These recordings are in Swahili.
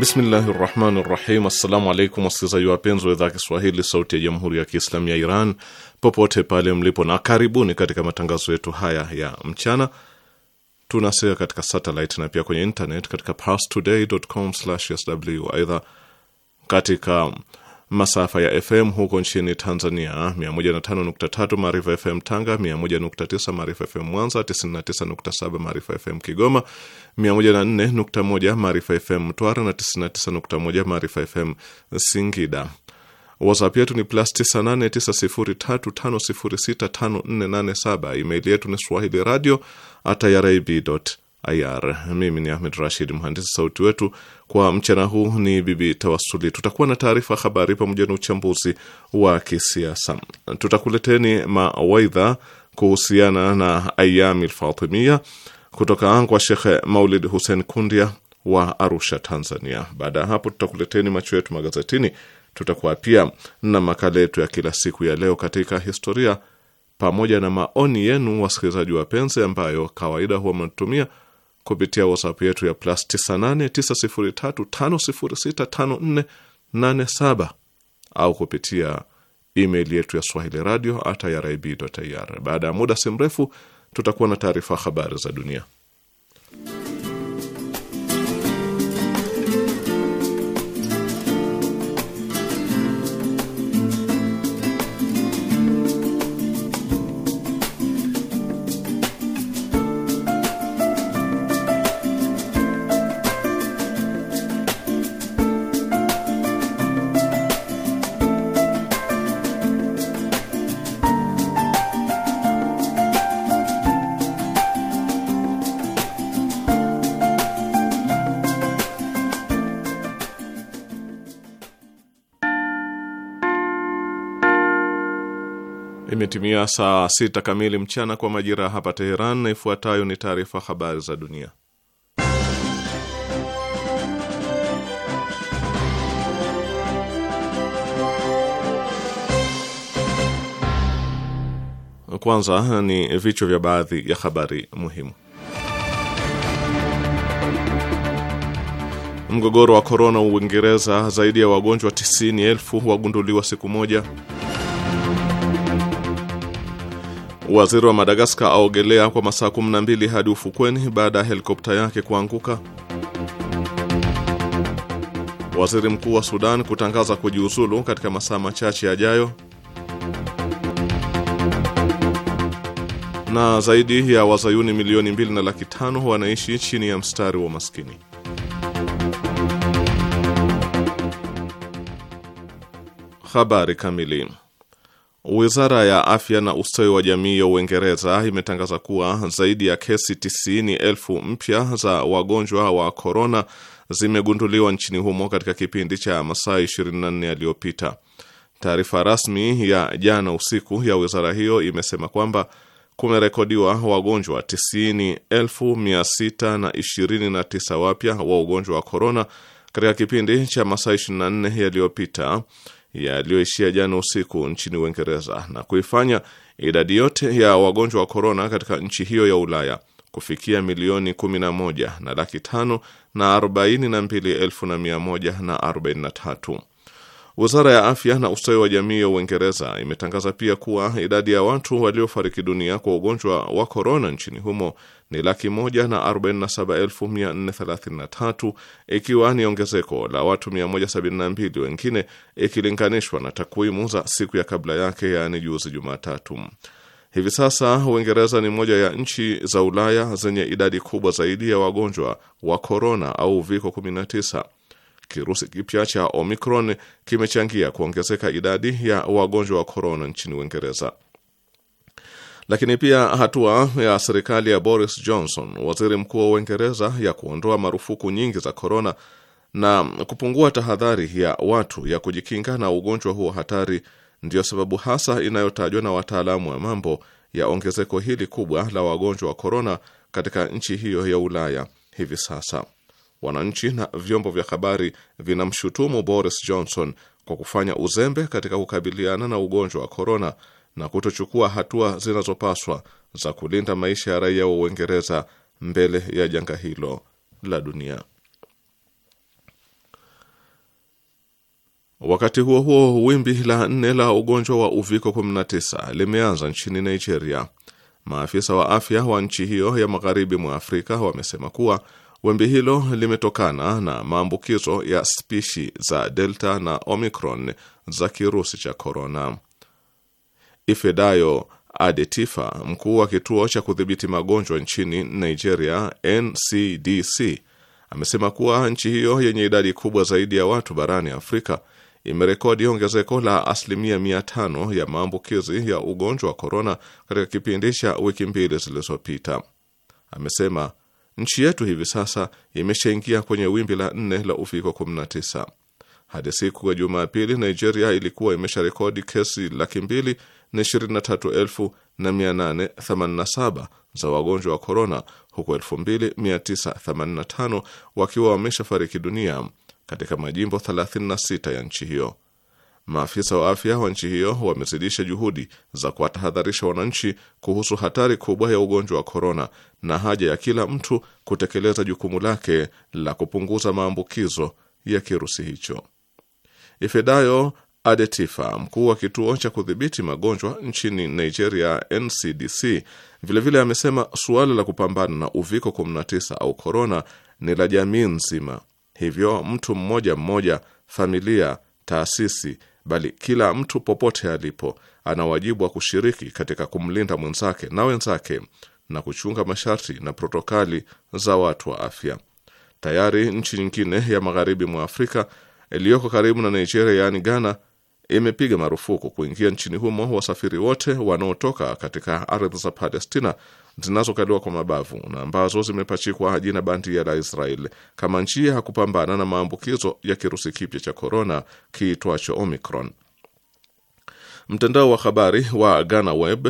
Bismillahi rahmani rahim. Assalamu alaikum wasikilizaji wapenzi wa idhaa ya Kiswahili sauti ya jamhuri ya Kiislamu ya Iran popote pale mlipo, na karibuni katika matangazo yetu haya ya mchana. Tunasea katika satelit na pia kwenye internet katika parstoday.com/sw. Aidha katika masafa ya FM huko nchini Tanzania: 105.3 Maarifa FM Tanga, 101.9 Maarifa FM Mwanza, 99.7 Maarifa FM Kigoma, 104.1 Maarifa FM Mtwara na 99.1 Maarifa FM Singida. WhatsApp yetu ni plus 989035065487. Email yetu ni swahili radio at irib IR. Mimi ni Ahmed Rashid, mhandisi sauti wetu kwa mchana huu ni Bibi Tawasuli. Tutakuwa na taarifa habari pamoja na uchambuzi wa kisiasa. Tutakuleteni mawaidha kuhusiana na Ayami Lfatimia kutoka kwa Shekhe Maulid Hussein Kundia wa Arusha, Tanzania. Baada ya hapo, tutakuleteni macho yetu magazetini. Tutakuwa pia na makala yetu ya kila siku ya leo katika historia, pamoja na maoni yenu wasikilizaji wapenzi, ambayo kawaida huwa mnatumia kupitia WhatsApp yetu ya plus 989035065487 au kupitia email yetu ya swahili radio at irib.ir. Baada ya muda si mrefu tutakuwa na taarifa habari za dunia. Imetimia saa sita kamili mchana kwa majira ya hapa Teheran, na ifuatayo ni taarifa habari za dunia. Kwanza ni vichwa vya baadhi ya habari muhimu. Mgogoro wa korona Uingereza, zaidi ya wagonjwa 90,000 wagunduliwa siku moja. Waziri wa Madagaskar aogelea kwa masaa 12 hadi ufukweni baada ya helikopta yake kuanguka. Waziri mkuu wa Sudan kutangaza kujiuzulu katika masaa machache yajayo. Na zaidi ya wazayuni milioni mbili na laki tano wanaishi chini ya mstari wa maskini. Habari kamili. Wizara ya afya na ustawi wa jamii ya Uingereza imetangaza kuwa zaidi ya kesi tisini elfu mpya za wagonjwa wa korona zimegunduliwa nchini humo katika kipindi cha masaa 24 yaliyopita. Taarifa rasmi ya jana usiku ya wizara hiyo imesema kwamba kumerekodiwa wagonjwa 90,629 wapya wa ugonjwa wa korona katika kipindi cha masaa 24 yaliyopita yaliyoishia jana usiku nchini Uingereza na kuifanya idadi yote ya wagonjwa wa korona katika nchi hiyo ya Ulaya kufikia milioni kumi na moja na laki tano na arobaini na mbili elfu na mia moja na arobaini na tatu. Wizara ya afya na ustawi wa jamii ya Uingereza imetangaza pia kuwa idadi ya watu waliofariki dunia kwa ugonjwa wa korona nchini humo ni laki moja na arobaini na saba elfu mia nne thelathini na tatu ikiwa ni ongezeko la watu 172 wengine ikilinganishwa na takwimu za siku ya kabla yake, yaani juzi Jumatatu. Hivi sasa Uingereza ni moja ya nchi za Ulaya zenye idadi kubwa zaidi ya wagonjwa wa korona au uviko 19 Kirusi kipya cha Omicron kimechangia kuongezeka idadi ya wagonjwa wa korona nchini Uingereza. Lakini pia hatua ya serikali ya Boris Johnson, waziri mkuu wa Uingereza, ya kuondoa marufuku nyingi za korona na kupungua tahadhari ya watu ya kujikinga na ugonjwa huo hatari ndiyo sababu hasa inayotajwa na wataalamu wa mambo ya ongezeko hili kubwa la wagonjwa wa korona katika nchi hiyo ya Ulaya hivi sasa wananchi na vyombo vya habari vinamshutumu Boris Johnson kwa kufanya uzembe katika kukabiliana na ugonjwa wa korona na kutochukua hatua zinazopaswa za kulinda maisha ya raia wa Uingereza mbele ya janga hilo la dunia. Wakati huo huo, wimbi la nne la ugonjwa wa uviko 19 limeanza nchini Nigeria. Maafisa wa afya wa nchi hiyo ya magharibi mwa Afrika wamesema kuwa Wimbi hilo limetokana na maambukizo ya spishi za Delta na Omicron za kirusi cha korona. Ifedayo Adetifa, mkuu wa kituo cha kudhibiti magonjwa nchini Nigeria, NCDC, amesema kuwa nchi hiyo yenye idadi kubwa zaidi ya watu barani Afrika imerekodi ongezeko la asilimia mia tano ya maambukizi ya ugonjwa wa korona katika kipindi cha wiki mbili zilizopita. Amesema Nchi yetu hivi sasa imeshaingia kwenye wimbi la nne la uviko 19. Hadi siku ya Jumapili, Nigeria ilikuwa imesha rekodi kesi laki mbili na ishirini na tatu elfu na mia nane themanini na saba za wagonjwa wa korona, huku elfu wakiwa wameshafariki dunia katika majimbo 36 ya nchi hiyo. Maafisa wa afya wa nchi hiyo wamezidisha juhudi za kuwatahadharisha wananchi kuhusu hatari kubwa ya ugonjwa wa korona na haja ya kila mtu kutekeleza jukumu lake la kupunguza maambukizo ya kirusi hicho. Ifedayo Adetifa, mkuu wa kituo cha kudhibiti magonjwa nchini Nigeria, NCDC, vilevile amesema suala la kupambana na uviko 19 au korona ni la jamii nzima, hivyo mtu mmoja mmoja, familia, taasisi bali kila mtu popote alipo ana wajibu wa kushiriki katika kumlinda mwenzake na wenzake na kuchunga masharti na protokali za watu wa afya. Tayari nchi nyingine ya magharibi mwa Afrika iliyoko karibu na Nigeria, yaani Ghana, imepiga marufuku kuingia nchini humo wasafiri wote wanaotoka katika ardhi za Palestina zinazokaliwa kwa mabavu na ambazo zimepachikwa jina bandia la Israel kama njia ya kupambana na maambukizo ya kirusi kipya cha korona kiitwacho Omicron. Mtandao wa habari wa Ghana Web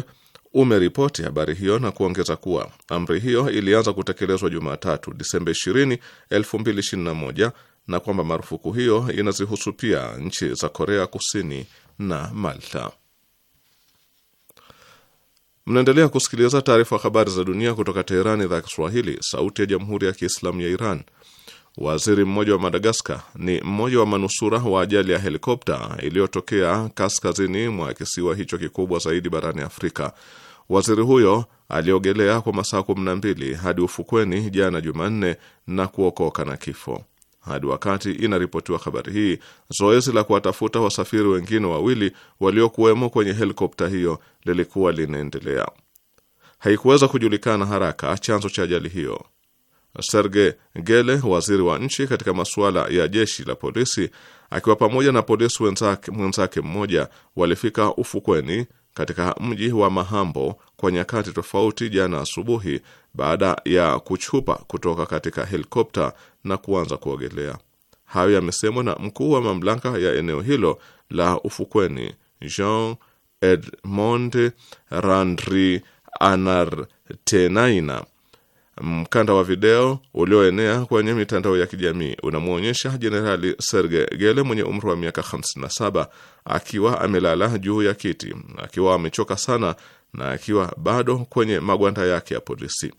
umeripoti habari hiyo na kuongeza kuwa amri hiyo ilianza kutekelezwa Jumatatu, Disemba 20, 2021 na kwamba marufuku hiyo inazihusu pia nchi za Korea Kusini na Malta. Mnaendelea kusikiliza taarifa habari za dunia kutoka Teherani, idhaa ya Kiswahili, sauti ya jamhuri ya kiislamu ya Iran. Waziri mmoja wa Madagaskar ni mmoja wa manusura wa ajali ya helikopta iliyotokea kaskazini mwa kisiwa hicho kikubwa zaidi barani Afrika. Waziri huyo aliogelea kwa masaa 12 hadi ufukweni jana Jumanne na kuokoka na kifo. Hadi wakati inaripotiwa habari hii, zoezi la kuwatafuta wasafiri wengine wawili waliokuwemo kwenye helikopta hiyo lilikuwa linaendelea. Haikuweza kujulikana haraka chanzo cha ajali hiyo. Serge Gele, waziri wa nchi katika masuala ya jeshi la polisi, akiwa pamoja na polisi mwenzake mmoja walifika ufukweni katika mji wa Mahambo kwa nyakati tofauti jana asubuhi baada ya kuchupa kutoka katika helikopta na kuanza kuogelea. Hayo yamesemwa na mkuu wa mamlaka ya eneo hilo la ufukweni Jean Edmond randri anartenaina Mkanda wa video ulioenea kwenye mitandao ya kijamii unamwonyesha Jenerali Serge Gele mwenye umri wa miaka 57 akiwa amelala juu ya kiti akiwa amechoka sana na akiwa bado kwenye magwanda yake ya polisi.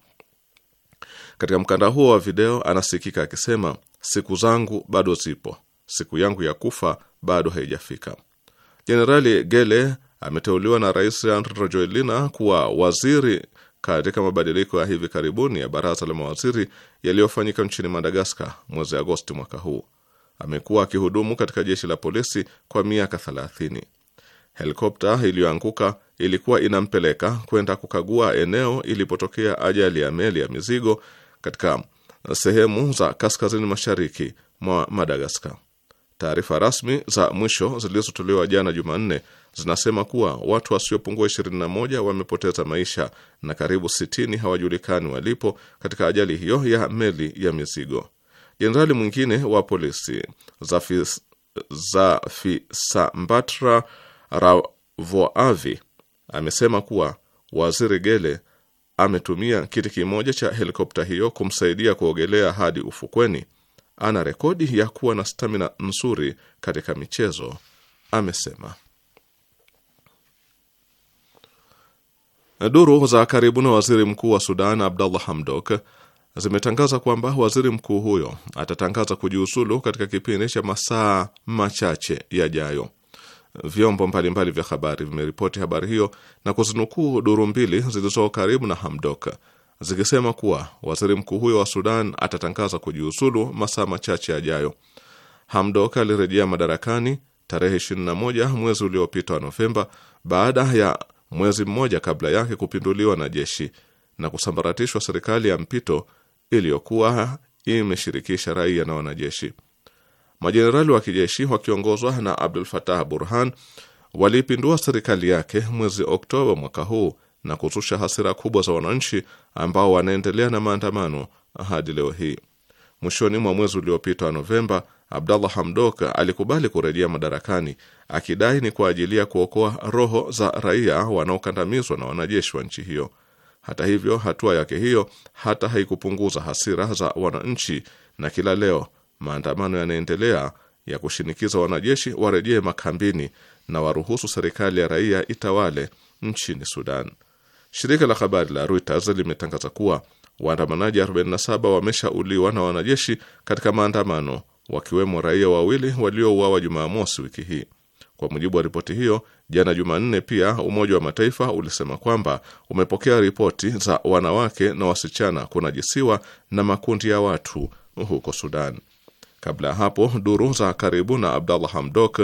Katika mkanda huo wa video anasikika akisema, siku zangu bado zipo, siku yangu ya kufa bado haijafika. Jenerali Gele ameteuliwa na Rais Andry Rajoelina kuwa waziri katika mabadiliko ya hivi karibuni ya baraza la mawaziri yaliyofanyika nchini Madagaskar mwezi Agosti mwaka huu. Amekuwa akihudumu katika jeshi la polisi kwa miaka 30. Helikopta iliyoanguka ilikuwa inampeleka kwenda kukagua eneo ilipotokea ajali ya meli ya mizigo katika sehemu za kaskazini mashariki mwa Madagaskar. Taarifa rasmi za mwisho zilizotolewa jana Jumanne zinasema kuwa watu wasiopungua 21 wamepoteza maisha na karibu 60 hawajulikani walipo katika ajali hiyo ya meli ya mizigo. Jenerali mwingine wa polisi Zafisambatra Ravoavi amesema kuwa waziri Gele ametumia kiti kimoja cha helikopta hiyo kumsaidia kuogelea hadi ufukweni. Ana rekodi ya kuwa na stamina nzuri katika michezo, amesema. Duru za karibu na waziri mkuu wa Sudan Abdallah Hamdok zimetangaza kwamba waziri mkuu huyo atatangaza kujiuzulu katika kipindi cha masaa machache yajayo. Vyombo mbalimbali vya habari vimeripoti habari hiyo na kuzinukuu duru mbili zilizo karibu na Hamdok zikisema kuwa waziri mkuu huyo wa Sudan atatangaza kujiuzulu masaa machache yajayo. Hamdok alirejea madarakani tarehe 21 mwezi uliopita wa Novemba baada ya mwezi mmoja kabla yake kupinduliwa na jeshi na kusambaratishwa serikali ya mpito iliyokuwa imeshirikisha raia na wanajeshi. Majenerali wa kijeshi wakiongozwa na Abdul Fatah Burhan waliipindua serikali yake mwezi Oktoba mwaka huu na kuzusha hasira kubwa za wananchi ambao wanaendelea na maandamano hadi leo hii. Mwishoni mwa mwezi uliopita wa Novemba, Abdallah Hamdok alikubali kurejea madarakani akidai ni kwa ajili ya kuokoa roho za raia wanaokandamizwa na wanajeshi wa nchi hiyo. Hata hivyo, hatua yake hiyo hata haikupunguza hasira za wananchi, na kila leo maandamano yanaendelea ya kushinikiza wanajeshi warejee makambini na waruhusu serikali ya raia itawale nchini Sudan. Shirika la habari la Reuters limetangaza kuwa waandamanaji 47 wameshauliwa na wanajeshi katika maandamano wakiwemo raia wawili waliouawa Jumamosi wiki hii. Kwa mujibu wa ripoti hiyo, jana Jumanne pia Umoja wa Mataifa ulisema kwamba umepokea ripoti za wanawake na wasichana kunajisiwa na makundi ya watu huko Sudan. Kabla ya hapo, duru za karibu na Abdallah Hamdok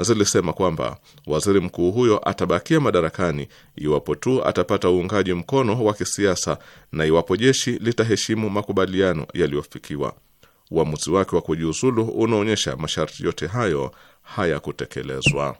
zilisema kwamba waziri mkuu huyo atabakia madarakani iwapo tu atapata uungaji mkono wa kisiasa na iwapo jeshi litaheshimu makubaliano yaliyofikiwa uamuzi wake wa kujiuzulu unaonyesha masharti yote hayo hayakutekelezwa.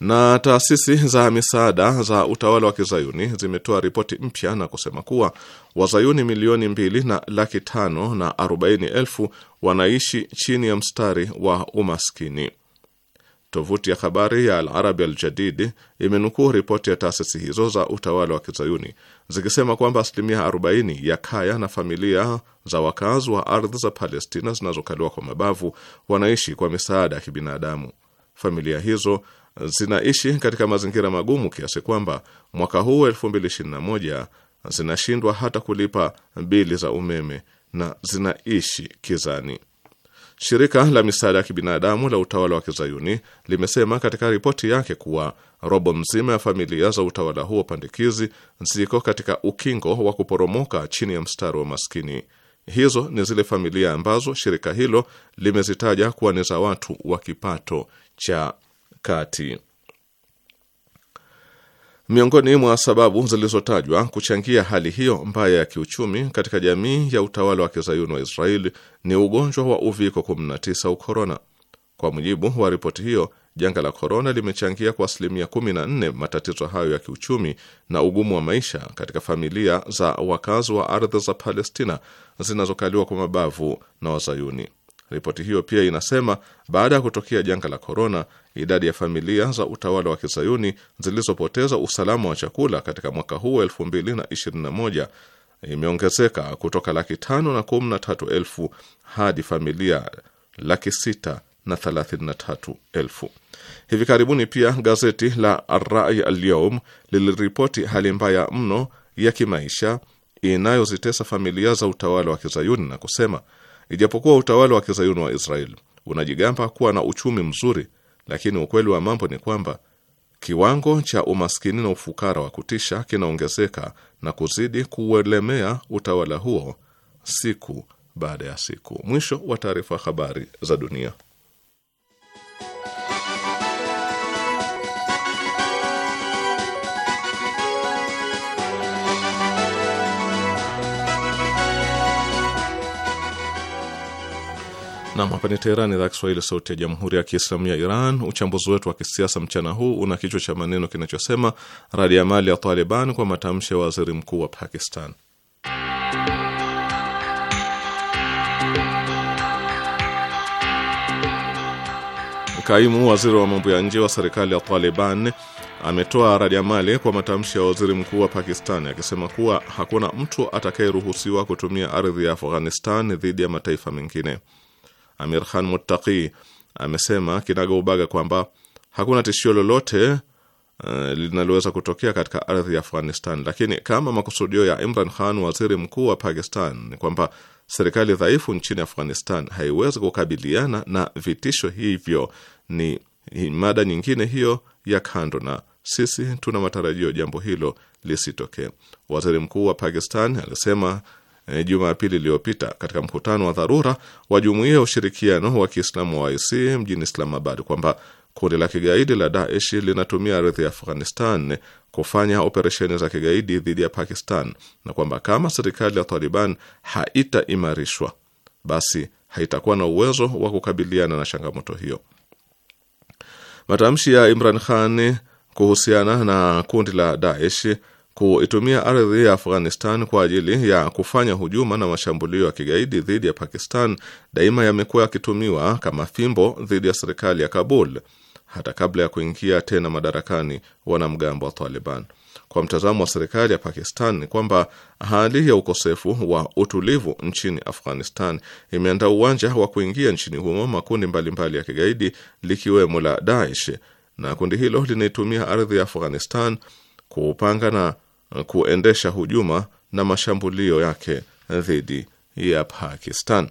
Na taasisi za misaada za utawala wa kizayuni zimetoa ripoti mpya na kusema kuwa wazayuni milioni mbili na laki tano na arobaini elfu wanaishi chini ya mstari wa umaskini. Tovuti ya habari ya Al Arabi imenukuu ripoti ya taasisi hizo za utawala wa kizayuni zikisema kwamba asilimia 40 ya kaya na familia za wakazi wa ardhi za Palestina zinazokaliwa kwa mabavu wanaishi kwa misaada ya kibinadamu. Familia hizo zinaishi katika mazingira magumu kiasi kwamba mwaka huu 2021 zinashindwa hata kulipa bili za umeme na zinaishi kizani. Shirika la misaada ya kibinadamu la utawala wa kizayuni limesema katika ripoti yake kuwa robo mzima ya familia za utawala huo pandikizi ziko katika ukingo wa kuporomoka chini ya mstari wa maskini. Hizo ni zile familia ambazo shirika hilo limezitaja kuwa ni za watu wa kipato cha kati. Miongoni mwa sababu zilizotajwa kuchangia hali hiyo mbaya ya kiuchumi katika jamii ya utawala wa kizayuni wa Israeli ni ugonjwa wa uviko 19 ukorona. Kwa mujibu wa ripoti hiyo, janga la korona limechangia kwa asilimia 14 matatizo hayo ya kiuchumi na ugumu wa maisha katika familia za wakazi wa ardhi za Palestina zinazokaliwa kwa mabavu na Wazayuni. Ripoti hiyo pia inasema baada ya kutokea janga la korona, idadi ya familia za utawala wa kizayuni zilizopoteza usalama wa chakula katika mwaka huu elfu mbili na ishirini na moja imeongezeka kutoka laki tano na kumi na tatu elfu hadi familia laki sita na thelathini na tatu elfu. Hivi karibuni pia gazeti la Rai al liliripoti hali mbaya mno ya kimaisha inayozitesa familia za utawala wa kizayuni na kusema Ijapokuwa utawala wa kizayuni wa Israel unajigamba kuwa na uchumi mzuri, lakini ukweli wa mambo ni kwamba kiwango cha umaskini na ufukara wa kutisha kinaongezeka na kuzidi kuuelemea utawala huo siku baada ya siku. Mwisho wa taarifa. Habari za dunia. Nam, hapa ni Teheran, idhaa Kiswahili, sauti ya jamhuri ya kiislamu ya Iran. Uchambuzi wetu wa kisiasa mchana huu una kichwa cha maneno kinachosema radi ya mali ya Taliban kwa matamshi ya waziri mkuu wa Pakistan. Kaimu waziri wa mambo ya nje wa serikali ya Taliban ametoa radi mali kwa matamshi ya waziri mkuu wa Pakistan akisema kuwa hakuna mtu atakayeruhusiwa kutumia ardhi ya Afghanistan dhidi ya mataifa mengine. Amir Khan Muttaqi amesema kinaga ubaga kwamba hakuna tishio lolote uh, linaloweza kutokea katika ardhi ya Afghanistan, lakini kama makusudio ya Imran Khan, waziri mkuu wa Pakistan, ni kwamba serikali dhaifu nchini Afghanistan haiwezi kukabiliana na vitisho hivyo, ni mada nyingine hiyo ya kando, na sisi tuna matarajio jambo hilo lisitokee. Waziri mkuu wa Pakistan alisema e, Jumapili iliyopita katika mkutano wa dharura wa jumuiya ya ushirikiano wa Kiislamu wa OIC mjini Islamabad kwamba kundi la kigaidi la Daesh linatumia ardhi ya Afghanistan kufanya operesheni za kigaidi dhidi ya Pakistan na kwamba kama serikali ya Taliban haitaimarishwa basi haitakuwa na uwezo wa kukabiliana na changamoto hiyo. Matamshi ya Imran Khan kuhusiana na kundi la Daesh kuitumia ardhi ya Afghanistan kwa ajili ya kufanya hujuma na mashambulio ya kigaidi dhidi ya Pakistan daima yamekuwa yakitumiwa kama fimbo dhidi ya serikali ya Kabul hata kabla ya kuingia tena madarakani wanamgambo wa Taliban. Kwa mtazamo wa serikali ya Pakistan ni kwamba hali ya ukosefu wa utulivu nchini Afghanistan imeandaa uwanja wa kuingia nchini humo makundi mbalimbali ya kigaidi likiwemo la Daesh, na kundi hilo linaitumia ardhi ya Afghanistan kupanga na kuendesha hujuma na mashambulio yake dhidi ya Pakistan.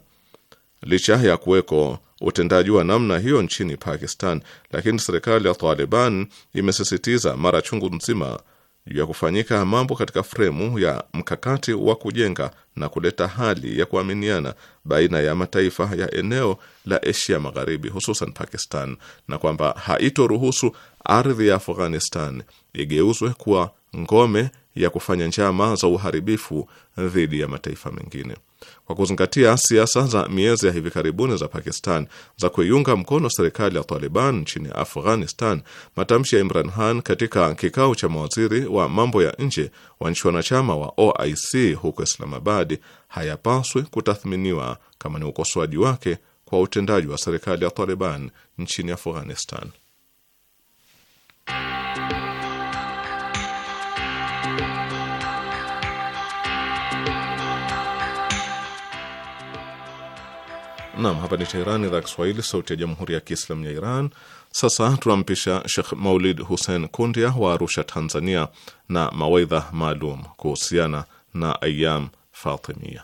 Licha ya kuweko utendaji wa namna hiyo nchini Pakistan, lakini serikali ya Taliban imesisitiza mara chungu mzima juu ya kufanyika mambo katika fremu ya mkakati wa kujenga na kuleta hali ya kuaminiana baina ya mataifa ya eneo la Asia Magharibi, hususan Pakistan, na kwamba haitoruhusu ardhi ya Afghanistan igeuzwe kuwa ngome ya kufanya njama za uharibifu dhidi ya mataifa mengine. Kwa kuzingatia siasa za miezi ya hivi karibuni za Pakistan za kuiunga mkono serikali ya Taliban nchini Afghanistan, matamshi ya Imran Khan katika kikao cha mawaziri wa mambo ya nje wa nchi wanachama wa OIC huko Islamabad hayapaswi kutathminiwa kama ni ukosoaji wake kwa utendaji wa serikali ya Taliban nchini Afghanistan. Naam, hapa ni Teherani, idhaa Kiswahili, sauti ya jamhuri ya kiislamu ya Iran. Sasa tunampisha Shekh Maulid Hussein Kundia wa Arusha, Tanzania, na mawaidha maalum kuhusiana na Ayam Fatimia.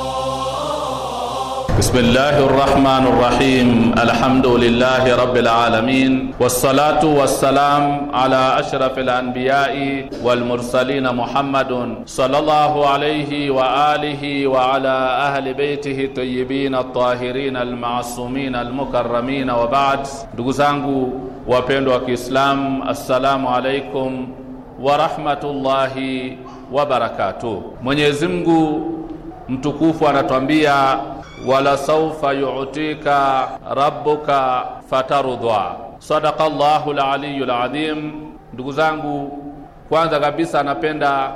بسم الله الرحمن الرحيم الحمد لله رب العالمين والصلاة والسلام على أشرف الأنبياء والمرسلين محمد صلى الله عليه وآله وعلى أهل بيته الطيبين الطاهرين المعصومين المكرمين وبعد دقزانقو وبيندوك إسلام السلام عليكم ورحمة الله وبركاته mwenyezi mungu mtukufu anatwambia wala saufa yu'tika rabbuka fatarudwa. Sadaqa Allahu al Ndugu zangu, kwanza kabisa napenda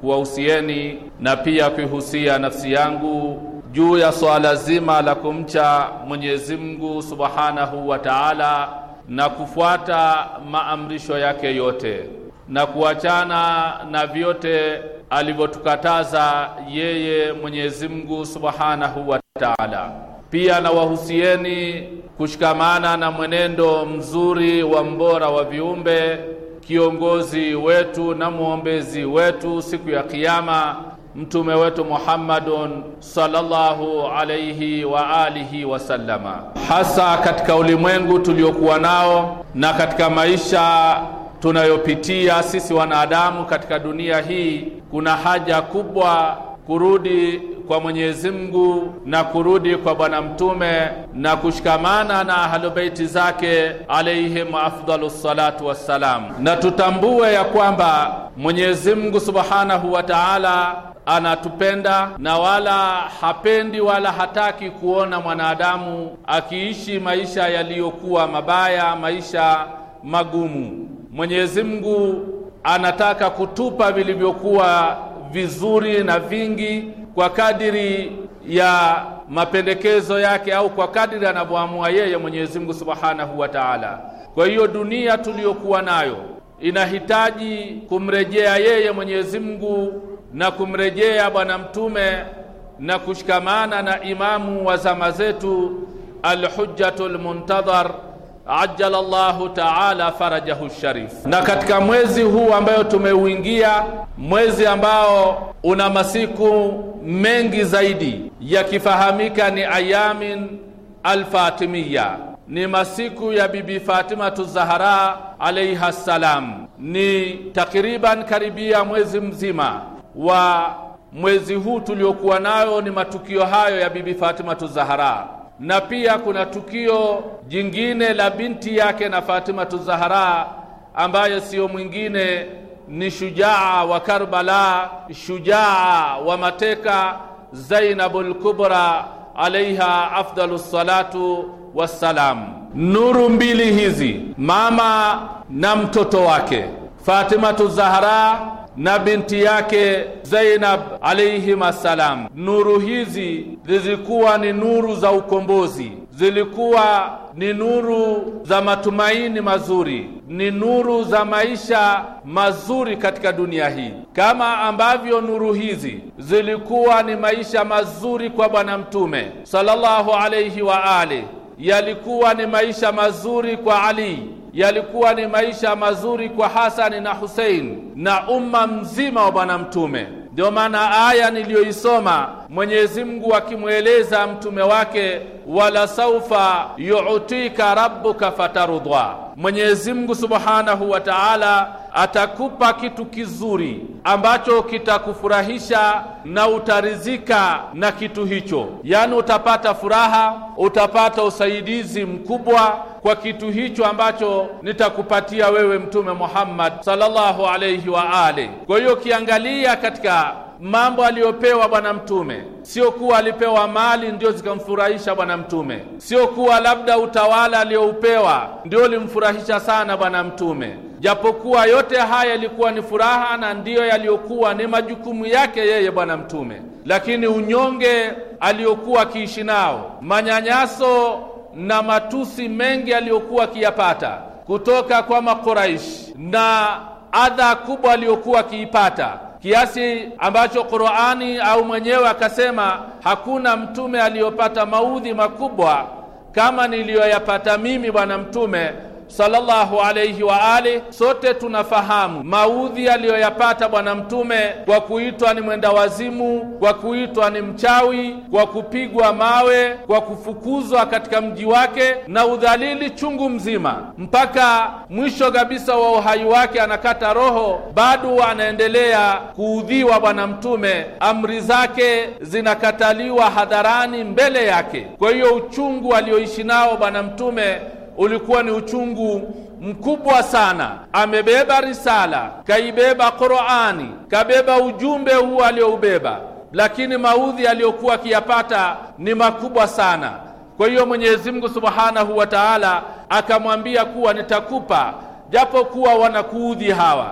kuwahusieni na pia kuihusia nafsi yangu juu ya swala zima la kumcha Mwenyezi Mungu Subhanahu wa Ta'ala na kufuata maamrisho yake yote na kuachana na vyote alivyotukataza yeye Mwenyezi Mungu Subhanahu wa Ta'ala. Pia nawahusieni kushikamana na mwenendo mzuri wa mbora wa viumbe, kiongozi wetu na mwombezi wetu siku ya Kiyama, mtume wetu Muhammadun sallallahu alayhi wa alihi wasallama, hasa katika ulimwengu tuliokuwa nao na katika maisha tunayopitia sisi wanadamu katika dunia hii kuna haja kubwa kurudi kwa Mwenyezi Mungu na kurudi kwa Bwana Mtume na kushikamana na ahlubeiti zake alaihim afdalu salatu wassalam, na tutambue ya kwamba Mwenyezi Mungu subhanahu wa taala anatupenda na wala hapendi wala hataki kuona mwanadamu akiishi maisha yaliyokuwa mabaya, maisha magumu. Mwenyezi Mungu anataka kutupa vilivyokuwa vizuri na vingi kwa kadiri ya mapendekezo yake au kwa kadiri anavyoamua yeye Mwenyezi Mungu Subhanahu wa Ta'ala. Kwa hiyo dunia tuliyokuwa nayo inahitaji kumrejea yeye Mwenyezi Mungu na kumrejea Bwana Mtume na kushikamana na imamu wa zama zetu Al-Hujjatul Muntadhar ajala llahu taala farajahu sharif. Na katika mwezi huu ambayo tumeuingia, mwezi ambao una masiku mengi zaidi yakifahamika ni ayamin alfatimiya, ni masiku ya Bibi Fatimatu Zahara alaiha ssalam, ni takriban karibia mwezi mzima wa mwezi huu tuliokuwa nayo ni matukio hayo ya Bibi Fatimatu Zahara na pia kuna tukio jingine la binti yake na Fatimatu zahara ambaye siyo mwingine ni shujaa wa Karbala, shujaa wa mateka Zainabul Kubra alaiha afdalu salatu wassalam. Nuru mbili hizi, mama na mtoto wake Fatimatu Zahra na binti yake Zainab alayhim assalam. Nuru hizi zilikuwa ni nuru za ukombozi, zilikuwa ni nuru za matumaini mazuri, ni nuru za maisha mazuri katika dunia hii, kama ambavyo nuru hizi zilikuwa ni maisha mazuri kwa Bwana Mtume sallallahu alayhi wa ali, yalikuwa ni maisha mazuri kwa Ali yalikuwa ni maisha mazuri kwa Hasani na Husein na umma mzima wa Bwana Mtume. Ndio maana aya niliyoisoma Mwenyezi Mungu akimweleza mtume wake, wala saufa yu'tika rabbuka fatarudwa, Mwenyezi Mungu Subhanahu wa Ta'ala atakupa kitu kizuri ambacho kitakufurahisha na utarizika na kitu hicho, yaani utapata furaha, utapata usaidizi mkubwa kwa kitu hicho ambacho nitakupatia wewe Mtume Muhammad sallallahu alayhi wa ali. Kwa hiyo ukiangalia katika mambo aliyopewa Bwana Mtume, sio kuwa alipewa mali ndio zikamfurahisha Bwana Mtume, sio kuwa labda utawala aliyoupewa ndio ulimfurahisha sana Bwana Mtume, japokuwa yote haya yalikuwa ni furaha na ndiyo yaliyokuwa ni majukumu yake yeye Bwana Mtume, lakini unyonge aliyokuwa akiishi nao, manyanyaso na matusi mengi aliyokuwa akiyapata kutoka kwa Makoraishi na adha kubwa aliyokuwa akiipata kiasi ambacho Qur'ani au mwenyewe akasema hakuna mtume aliyopata maudhi makubwa kama niliyoyapata mimi bwana mtume sallallahu alayhi wa ali. Sote tunafahamu maudhi aliyoyapata Bwana Mtume kwa kuitwa ni mwenda wazimu, kwa kuitwa ni mchawi, kwa kupigwa mawe, kwa kufukuzwa katika mji wake na udhalili chungu mzima, mpaka mwisho kabisa wa uhai wake anakata roho, bado anaendelea kuudhiwa Bwana Mtume, amri zake zinakataliwa hadharani mbele yake. Kwa hiyo uchungu alioishi nao Bwana Mtume ulikuwa ni uchungu mkubwa sana. Amebeba risala, kaibeba Qurani, kabeba ujumbe huu alioubeba, lakini maudhi aliyokuwa akiyapata ni makubwa sana. Kwa hiyo Mwenyezi Mungu Subhanahu wa Ta'ala akamwambia kuwa nitakupa, japo kuwa wanakuudhi hawa,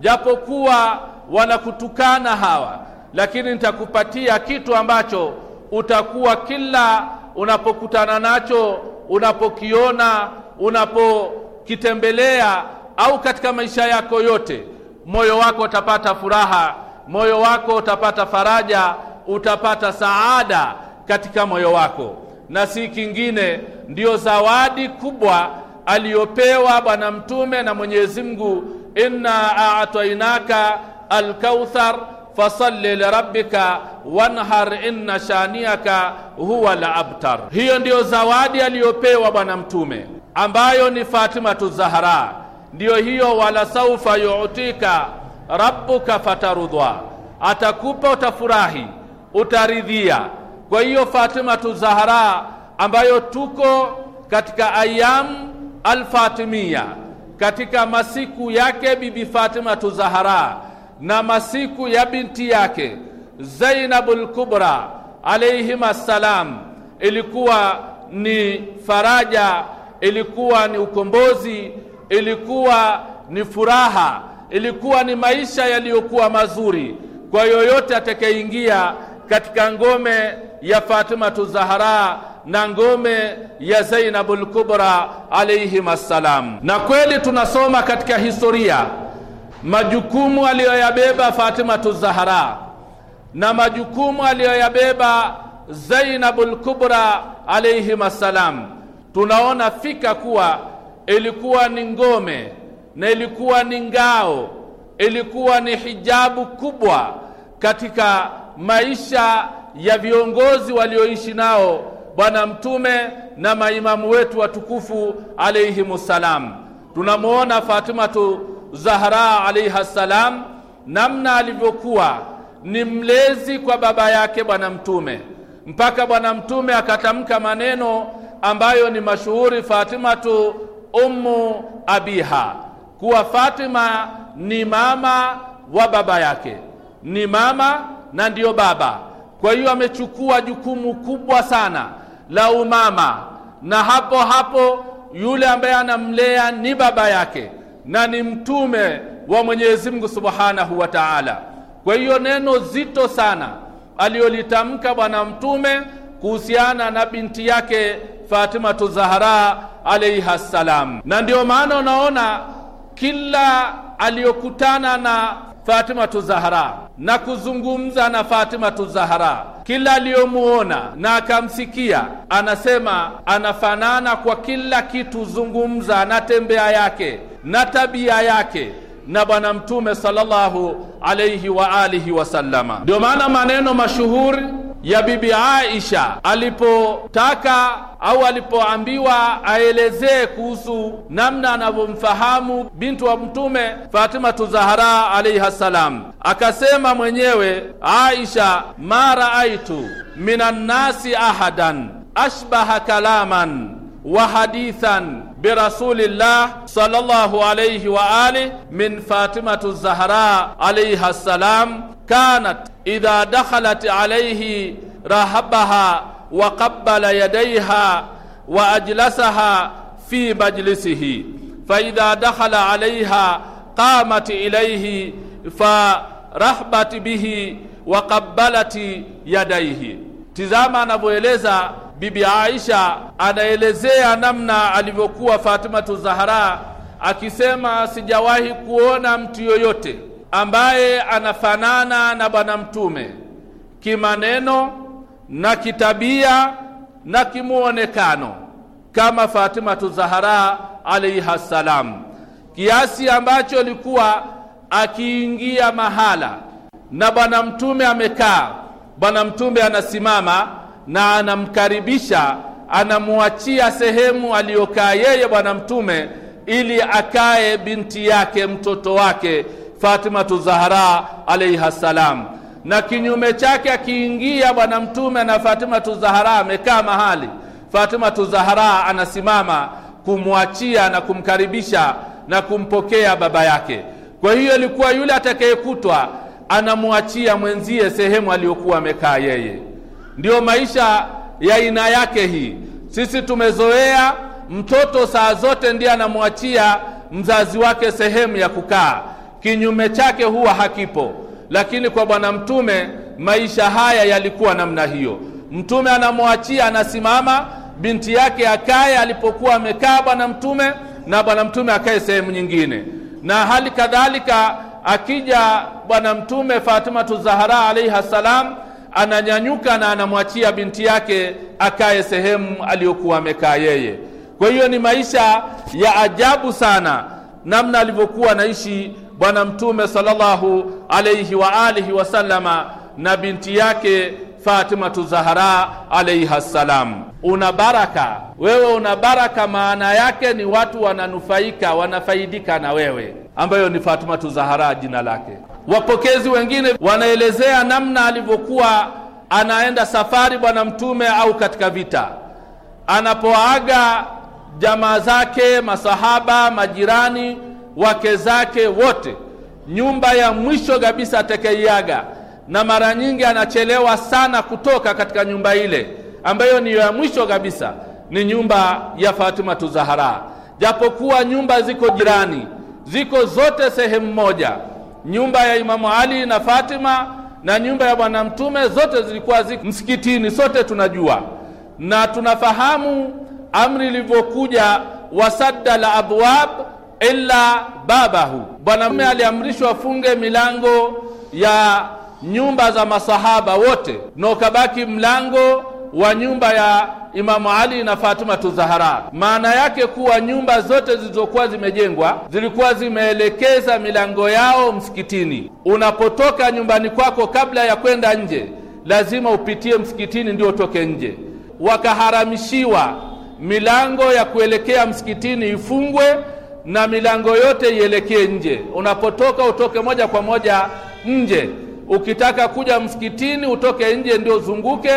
japo kuwa wanakutukana hawa, lakini nitakupatia kitu ambacho utakuwa kila unapokutana nacho unapokiona, unapokitembelea au katika maisha yako yote, moyo wako utapata furaha, moyo wako utapata faraja, utapata saada katika moyo wako, na si kingine, ndiyo zawadi kubwa aliyopewa Bwana Mtume na Mwenyezi Mungu, inna a'tainaka alkauthar fasalli lirabbika wanhar inna shaniaka huwa la abtar. Hiyo ndiyo zawadi aliyopewa Bwana Mtume ambayo ni Fatimatu Zahra, ndiyo hiyo wala saufa yutika rabbuka fatarudhwa, atakupa utafurahi, utaridhia. Kwa hiyo Fatimatu Zahra ambayo tuko katika ayam alfatimia, katika masiku yake Bibi Fatimatu Zahra na masiku ya binti yake Zainabul Kubra alaihima assalam ilikuwa ni faraja, ilikuwa ni ukombozi, ilikuwa ni furaha, ilikuwa ni maisha yaliyokuwa mazuri kwa yoyote atakayeingia katika ngome ya Fatimatu Zahara na ngome ya Zainabul Kubra alaihima salam. Na kweli tunasoma katika historia majukumu aliyoyabeba Fatimatu Zahara na majukumu aliyoyabeba Zainabul Kubra alayhim assalam, tunaona fika kuwa ilikuwa ni ngome na ilikuwa ni ngao, ilikuwa ni hijabu kubwa katika maisha ya viongozi walioishi nao Bwana Mtume na maimamu wetu watukufu alayhimu salam. Tunamwona Fatimatu Zahra alaiha salam, namna alivyokuwa ni mlezi kwa baba yake Bwana Mtume, mpaka Bwana Mtume akatamka maneno ambayo ni mashuhuri, Fatimatu ummu abiha, kuwa Fatima ni mama wa baba yake, ni mama na ndiyo baba. Kwa hiyo amechukua jukumu kubwa sana la umama, na hapo hapo yule ambaye anamlea ni baba yake na ni mtume wa Mwenyezi Mungu Subhanahu wa Ta'ala. Kwa hiyo neno zito sana aliyolitamka bwana mtume kuhusiana na binti yake Fatimatu Zahra alaiha salam, na ndio maana unaona kila aliyokutana na Fatimatu Zahra na kuzungumza na Fatimatu Zahra, kila aliyomuona na akamsikia, anasema anafanana kwa kila kitu, zungumza na tembea yake na tabia yake na Bwana Mtume sallallahu alayhi wa alihi wasallama. Ndio maana maneno mashuhuri ya Bibi Aisha alipotaka au alipoambiwa aelezee kuhusu namna anavyomfahamu bintu wa Mtume Fatima Zahra alayha salam, akasema mwenyewe Aisha, ma raaitu minan nasi ahadan ashbaha kalaman wa hadithan برسول الله صلى الله عليه وآله من فاطمة الزهراء عليها السلام كانت إذا دخلت عليه رهبها وقبل يديها وأجلسها في مجلسه فإذا دخل عليها قامت إليه فرحبت به وقبلت يديه. أبو إليزا Bibi Aisha anaelezea namna alivyokuwa Fatimatu Zahara akisema, sijawahi kuona mtu yoyote ambaye anafanana na Bwana Mtume kimaneno na kitabia na kimuonekano kama Fatimatu Zahara alaiha salam, kiasi ambacho alikuwa akiingia mahala na Bwana Mtume amekaa, Bwana Mtume anasimama na anamkaribisha anamwachia sehemu aliyokaa yeye Bwana Mtume ili akae binti yake mtoto wake Fatimatu Zahra alaiha salam. Na kinyume chake akiingia Bwana Mtume na Fatimatu Zahra amekaa mahali, Fatimatu Zahra anasimama kumwachia na kumkaribisha na kumpokea baba yake. Kwa hiyo ilikuwa yule atakayekutwa anamwachia mwenzie sehemu aliyokuwa amekaa yeye. Ndiyo maisha ya aina yake hii. Sisi tumezoea mtoto saa zote ndiye anamwachia mzazi wake sehemu ya kukaa, kinyume chake huwa hakipo. Lakini kwa Bwana Mtume maisha haya yalikuwa namna hiyo. Mtume anamwachia, anasimama binti yake akae alipokuwa amekaa Bwana Mtume, na Bwana Mtume akae sehemu nyingine, na hali kadhalika akija Bwana Mtume Fatima Tuzahara alaihi salam ananyanyuka na anamwachia binti yake akae sehemu aliyokuwa amekaa yeye. Kwa hiyo ni maisha ya ajabu sana namna alivyokuwa anaishi Bwana Mtume sallallahu alayhi wa alihi wasallama na binti yake Fatimatu Zahra alayha salam. Una baraka wewe, una baraka, maana yake ni watu wananufaika, wanafaidika na wewe, ambayo ni Fatimatu Zahra jina lake. Wapokezi wengine wanaelezea namna alivyokuwa anaenda safari Bwana Mtume au katika vita, anapoaga jamaa zake, masahaba, majirani, wake zake wote, nyumba ya mwisho kabisa atakaiaga, na mara nyingi anachelewa sana kutoka katika nyumba ile ambayo ni ya mwisho kabisa, ni nyumba ya Fatima Tuzahara, japokuwa nyumba ziko jirani, ziko zote sehemu moja nyumba ya Imamu Ali na Fatima na nyumba ya Bwana Mtume zote zilikuwa ziko msikitini. Sote tunajua na tunafahamu amri ilivyokuja, wasadda la abwab illa babahu. Bwana Mtume aliamrishwa afunge milango ya nyumba za masahaba wote, na ukabaki mlango wa nyumba ya Imamu Ali na Fatuma Tuzahara. Maana yake kuwa nyumba zote zilizokuwa zimejengwa zilikuwa zimeelekeza milango yao msikitini. Unapotoka nyumbani kwako, kabla ya kwenda nje, lazima upitie msikitini ndio utoke nje. Wakaharamishiwa milango ya kuelekea msikitini ifungwe na milango yote ielekee nje. Unapotoka utoke moja kwa moja nje. Ukitaka kuja msikitini utoke nje ndio uzunguke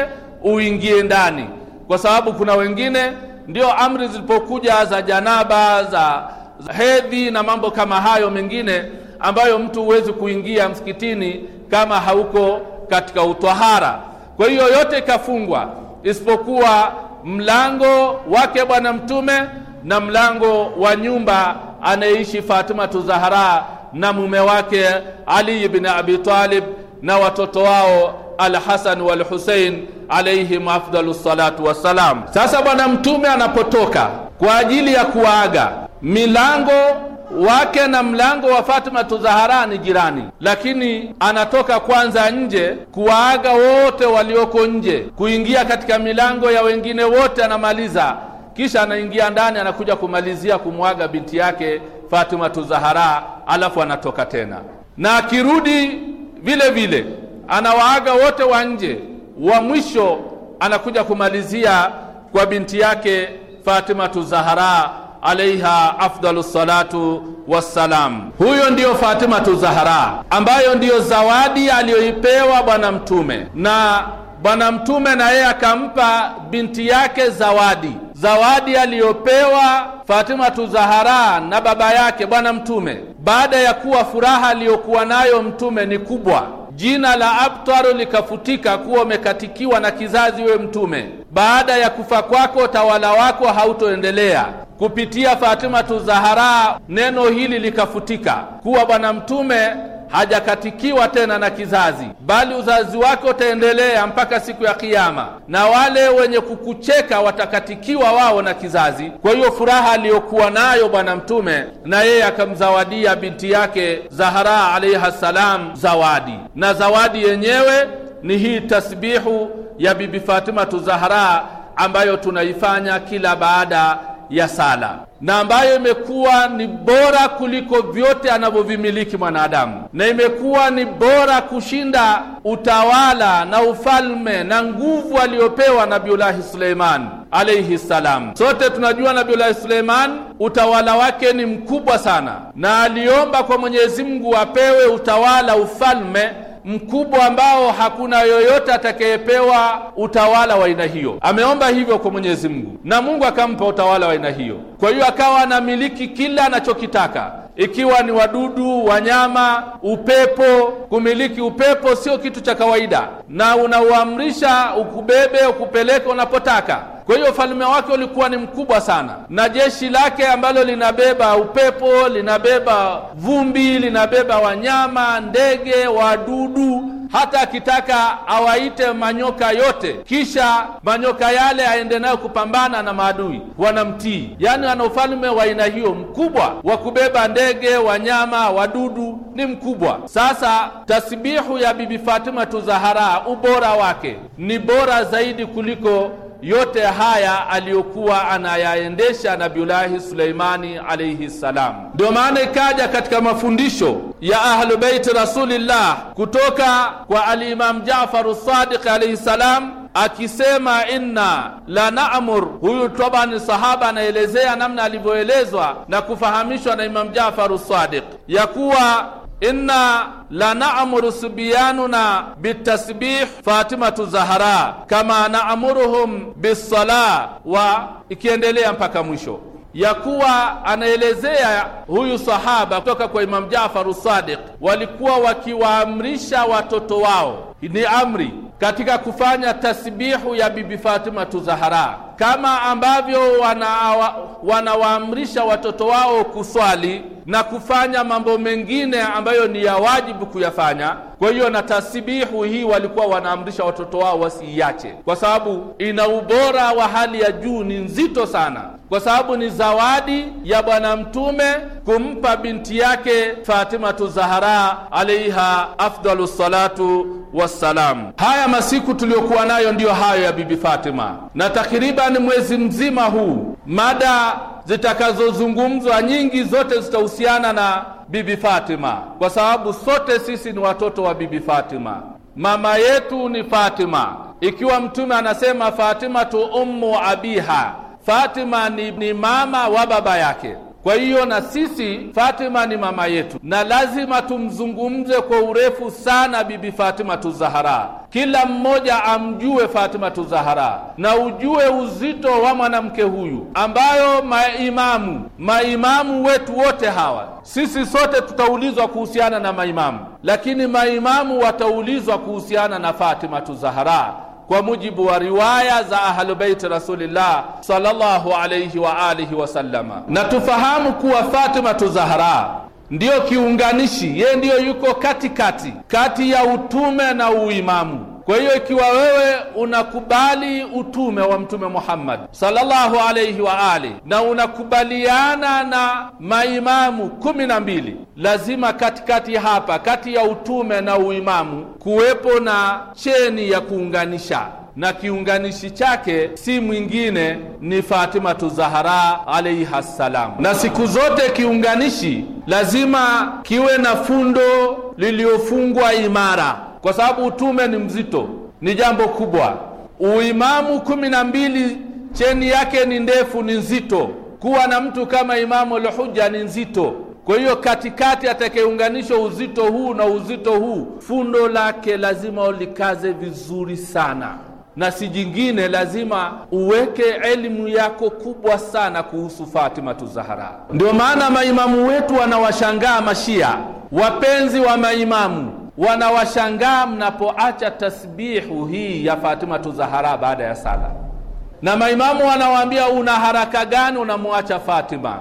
uingie ndani, kwa sababu kuna wengine ndio amri zilipokuja za janaba za, za hedhi na mambo kama hayo mengine ambayo mtu huwezi kuingia msikitini kama hauko katika utwahara. Kwa hiyo yote ikafungwa isipokuwa mlango wake Bwana Mtume na mlango wa nyumba anayeishi fatima Zahra na mume wake Ali ibn Abi Talib na watoto wao Alhasan walhusein alaihim afdalu salatu wassalam. Sasa Bwana Mtume anapotoka kwa ajili ya kuwaaga, milango wake na mlango wa Fatima Tuzahara ni jirani, lakini anatoka kwanza nje kuwaaga wote walioko nje, kuingia katika milango ya wengine wote anamaliza, kisha anaingia ndani, anakuja kumalizia kumwaga binti yake Fatima Tuzahara, alafu anatoka tena na akirudi vile vile anawaaga wote wa nje, wa mwisho anakuja kumalizia kwa binti yake Fatimatu Zahara alaiha afdalu salatu wassalam. Huyo ndiyo Fatimatu Zahara ambayo ndiyo zawadi aliyoipewa Bwana Mtume, na Bwana Mtume na yeye akampa binti yake zawadi, zawadi aliyopewa Fatimatu Zahara na baba yake Bwana Mtume baada ya kuwa furaha aliyokuwa nayo Mtume ni kubwa jina la Abtar likafutika kuwa umekatikiwa na kizazi, we Mtume. Baada ya kufa kwako utawala wako hautoendelea kupitia Fatimatu Zahara. Neno hili likafutika kuwa Bwana Mtume hajakatikiwa tena na kizazi, bali uzazi wake utaendelea mpaka siku ya kiama na wale wenye kukucheka watakatikiwa wao na kizazi. Kwa hiyo furaha aliyokuwa nayo Bwana Mtume, na yeye akamzawadia binti yake Zahara alaihi ssalam zawadi, na zawadi yenyewe ni hii tasbihu ya Bibi fatimatu zahara ambayo tunaifanya kila baada ya sala na ambayo imekuwa ni bora kuliko vyote anavyovimiliki mwanadamu, na imekuwa ni bora kushinda utawala na ufalme na nguvu aliyopewa Nabiullahi Suleiman alaihi salam. Sote tunajua Nabiullahi Suleiman utawala wake ni mkubwa sana, na aliomba kwa Mwenyezi Mungu apewe utawala, ufalme mkubwa ambao hakuna yoyote atakayepewa utawala wa aina hiyo. Ameomba hivyo kwa Mwenyezi Mungu na Mungu akampa utawala wa aina hiyo. Kwa hiyo akawa anamiliki kila anachokitaka ikiwa ni wadudu, wanyama, upepo. Kumiliki upepo sio kitu cha kawaida, na unauamrisha ukubebe, ukupeleke unapotaka. Kwa hiyo ufalme wake ulikuwa ni mkubwa sana, na jeshi lake ambalo linabeba upepo, linabeba vumbi, linabeba wanyama, ndege, wadudu hata akitaka awaite manyoka yote, kisha manyoka yale aende nayo kupambana na maadui, wanamtii. Yaani ana ufalme wa aina hiyo mkubwa wa kubeba ndege, wanyama, wadudu, ni mkubwa. Sasa tasbihu ya Bibi Fatima Tuzahara, ubora wake ni bora zaidi kuliko yote haya aliyokuwa anayaendesha Nabiullahi Suleimani alaihi salam. Ndio maana ikaja katika mafundisho ya Ahlu Beiti Rasulillah kutoka kwa Alimam Jafaru Sadiq alaihi salam akisema inna la namur. Huyu toba ni sahaba anaelezea namna alivyoelezwa na kufahamishwa na Imam Jafaru Sadiq ya kuwa inna la naamuru subyanuna bitasbih Fatimatu Zahara kama naamuruhum bisala, wa ikiendelea mpaka mwisho ya kuwa anaelezea huyu sahaba kutoka kwa Imam Jafaru Sadiq, walikuwa wakiwaamrisha watoto wao, ni amri katika kufanya tasbihu ya Bibi Fatimatu Zahara kama ambavyo wanawaamrisha wana watoto wao kuswali na kufanya mambo mengine ambayo ni ya wajibu kuyafanya. Kwa hiyo na tasbihu hii walikuwa wanaamrisha watoto wao wasiiache, kwa sababu ina ubora wa hali ya juu, ni nzito sana, kwa sababu ni zawadi ya Bwana Mtume kumpa binti yake Fatimatu Zahara alaiha afdalu salatu wassalam. Haya masiku tuliyokuwa nayo ndiyo hayo ya Bibi Fatima na takriban ni mwezi mzima huu, mada zitakazozungumzwa nyingi zote zitahusiana na Bibi Fatima, kwa sababu sote sisi ni watoto wa Bibi Fatima. Mama yetu ni Fatima, ikiwa Mtume anasema Fatima tu ummu abiha, Fatima ni, ni mama wa baba yake. Kwa hiyo na sisi, Fatima ni mama yetu, na lazima tumzungumze kwa urefu sana Bibi Fatima Tuzahara, kila mmoja amjue Fatima Tuzahara na ujue uzito wa mwanamke huyu, ambayo maimamu maimamu wetu wote hawa, sisi sote tutaulizwa kuhusiana na maimamu, lakini maimamu wataulizwa kuhusiana na Fatima Tuzahara kwa mujibu wa riwaya za ahlubeiti rasulillah sallallahu alaihi wa alihi wasallama. Na tufahamu kuwa Fatimatu Zahra ndiyo kiunganishi, yeye ndiyo yuko katikati kati, kati ya utume na uimamu kwa hiyo ikiwa wewe unakubali utume wa Mtume Muhammad sallallahu alayhi wa ali na unakubaliana na maimamu kumi na mbili, lazima katikati hapa, kati ya utume na uimamu, kuwepo na cheni ya kuunganisha na kiunganishi chake si mwingine ni Fatimatu Zahara alaiha salam. Na siku zote kiunganishi lazima kiwe na fundo liliyofungwa imara kwa sababu utume ni mzito, ni jambo kubwa. Uimamu kumi na mbili cheni yake ni ndefu, ni nzito. Kuwa na mtu kama Imamu Alhuja ni nzito. Kwa hiyo katikati, atakayeunganisha uzito huu na uzito huu, fundo lake lazima ulikaze vizuri sana, na si jingine, lazima uweke elimu yako kubwa sana kuhusu Fatimatu Zahara. Ndio maana maimamu wetu wanawashangaa Mashia, wapenzi wa maimamu wanawashangaa mnapoacha tasbihu hii ya fatima Zahara baada ya sala, na maimamu wanawaambia una haraka gani unamwacha Fatima?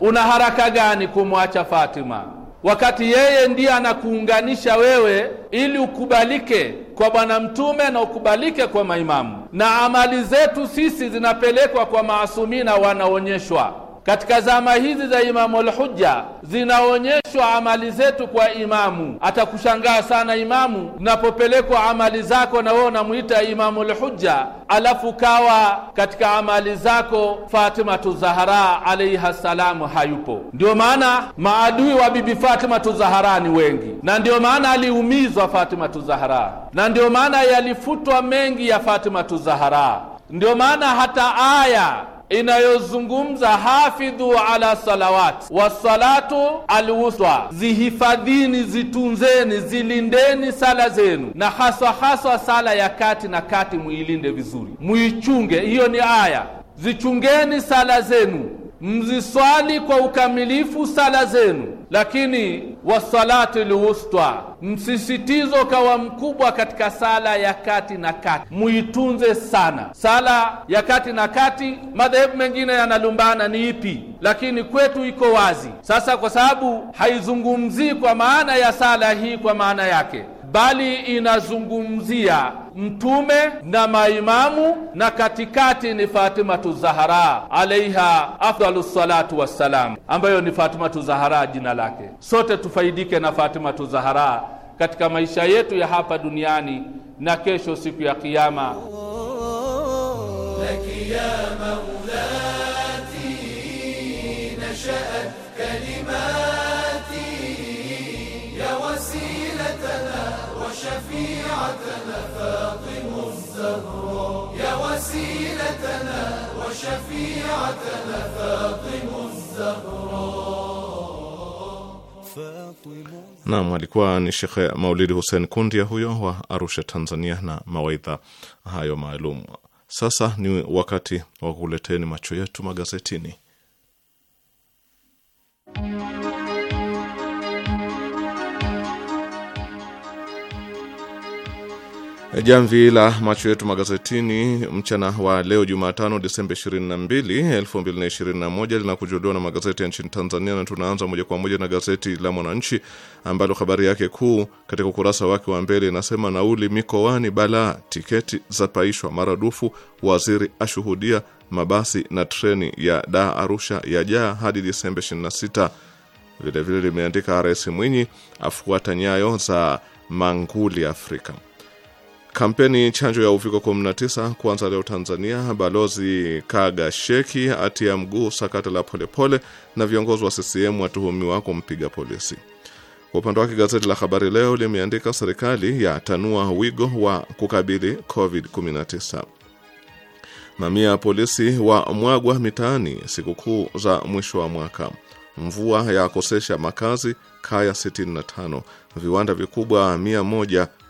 Una haraka gani kumwacha Fatima, wakati yeye ndiye anakuunganisha wewe ili ukubalike kwa Bwana Mtume na ukubalike kwa maimamu, na amali zetu sisi zinapelekwa kwa maasumina, wanaonyeshwa katika zama hizi za Imamu Alhujja zinaonyeshwa amali zetu kwa imamu. Atakushangaa sana imamu napopelekwa amali zako, na wewe unamwita Imamu Alhujja, alafu kawa katika amali zako Fatimatu Zahara alaiha ssalamu hayupo. Ndio maana maadui wa Bibi Fatimatu Zahara ni wengi, na ndio maana aliumizwa Fatimatu Zahara, na ndio maana yalifutwa mengi ya Fatimatu Zahara, ndio maana hata aya inayozungumza hafidhu ala salawat wassalatu alwusta, zihifadhini, zitunzeni, zilindeni sala zenu, na haswa haswa sala ya kati na kati muilinde vizuri, muichunge. Hiyo ni aya, zichungeni sala zenu mziswali kwa ukamilifu sala zenu, lakini wasalati lwusta, msisitizo kawa mkubwa katika sala ya kati na kati, muitunze sana sala ya kati na kati. Madhehebu mengine yanalumbana ni ipi, lakini kwetu iko wazi sasa, kwa sababu haizungumzii kwa maana ya sala hii kwa maana yake bali inazungumzia mtume na maimamu na katikati ni Fatimatu Zahara alaiha afdalu salatu wassalam, ambayo ni Fatimatu Zahara jina lake. Sote tufaidike na Fatimatu Zahara katika maisha yetu ya hapa duniani na kesho siku ya Kiyama. nam Naam, alikuwa ni Shekhe Maulidi Hussein Kundia huyo wa Arusha, Tanzania, na mawaidha hayo maalum. Sasa ni wakati wa kuleteni macho yetu magazetini. Jamvi la macho yetu magazetini mchana wa leo Jumatano, Disemba 22, 2021 linakujuliwa na magazeti ya nchini Tanzania, na tunaanza moja kwa moja na gazeti la Mwananchi ambalo habari yake kuu katika ukurasa wake wa mbele inasema nauli mikoani balaa, tiketi za paishwa maradufu, waziri ashuhudia mabasi na treni ya da Arusha yajaa hadi Disemba 26. Vilevile limeandika Rais Mwinyi afuata nyayo za manguli Afrika. Kampeni chanjo ya uviko 19 kuanza leo Tanzania. Balozi Kagasheki atia mguu sakata la Polepole pole, na viongozi wa CCM watuhumiwa kumpiga polisi. Kwa upande wake gazeti la Habari Leo limeandika serikali ya tanua wigo wa kukabili COVID-19, mamia ya polisi wa mwagwa mitaani sikukuu za mwisho wa mwaka, mvua ya kosesha makazi kaya 65, viwanda vikubwa